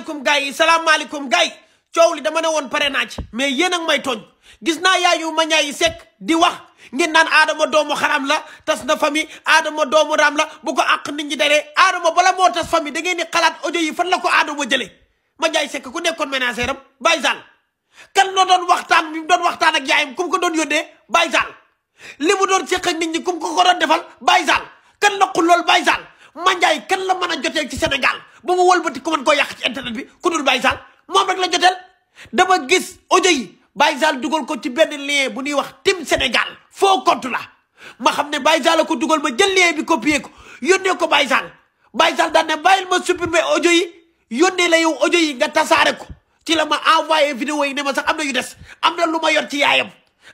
salaamaaleykum gars yi salaamaaleykum gars yi coow li dama ne woon pare naa ci mais yéen ak may tooñ gis naa yaayu ma ñaay sekk di wax ngeen naan aadama doomu xaram la tas na famille aadama doomu raam la bu ko àq nit ñi daree aadama bala moo tas famille da ni di xalaat audio yi fan la ko aadama jëlee ma ñaay sekk ku nekkoon ménagère am Baye Sall kan la doon waxtaan bi mu doon waxtaan ak yaayam ku ko doon yónnee Baye Sall li doon seq ak nit ñi ku mu ko ko doon defal Baye Sall la jotee ci Sénégal ba mu wëlbati ku mën koo yàq ci internet bi ku dul Baye moom rek la joteel dama gis audio yi Baye Sall dugal ko ci benn lien bu ñuy wax Team Sénégal foo compte la ma xam ne Baye Sall ko dugal ma jël lien bi copier ko yónnee ko Baye Sall Baye Sall daan ne bàyyil ma supprimer audio yi yónnee la yow audio yi nga tasaare ko ci la ma envoyé vidéo yi ne ma sax am na yu des am na lu ma yor ci yaayam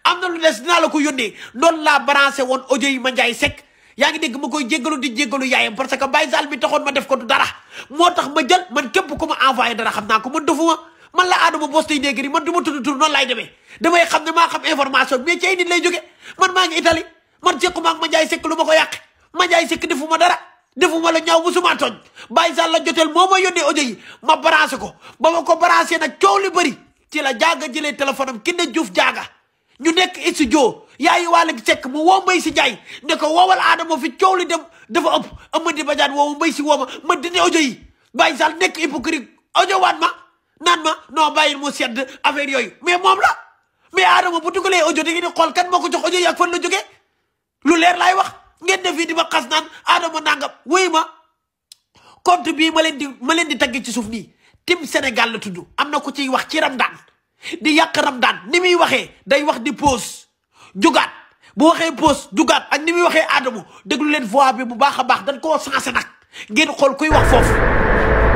am na lu des dinaa la ko yónnee noonu laa branché woon audio yi ma njaay sekk yaa ngi dégg ma koy jéggalu di jéggalu yaayam parce que Baye Sall bi taxoon ma def ko dara moo tax ma jël man képp ku ma envoyé dara xam naa ko man defuma man la aadama bos tey néegi man du ma tudd tur noonu laay demee damay xam ne maa xam information ay nit lay jóge man maa ngi Italie man sequma ak ma njaay sekk lu ma ko yàq ma njaay sekk defuma dara defuma la ñaaw musuma tooñ Baye Sall la joteel moo ma yónnee audio yi ma branché ko ba ma ko branché na coow li bari ci la jaaga jëlee téléphone am ki ne Diouf jaaga si joo yaayi waale sekk mu woo mbay si jaay ne ko woowal aadama fi coow li dem dafa ëpp Amady Badiane woowu mbay si wooma ma dindi audio yi bàyyi sal nekk hypocrite audio waat ma naan ma non bàyyi mu sedd affaire yooyu mais moom la mais aadama bu dugalee audio da ngeen xool kan moo ko jox audio yi ak fan la jógee lu leer laay wax ngeen def fii di ma xas naan aadama nangam wéy ma compte bii ma leen di ma leen di tagg ci suuf nii tim senegal la tudd am na ku ciy wax ci Ramadaan di yàq Ramadaan ni waxee day wax di jugaat bu waxee pause jugaat ak ni muy waxee Adamo déglu leen voix bi bu baax a baax dañ ko sensé nag ngeen xool kuy wax foofu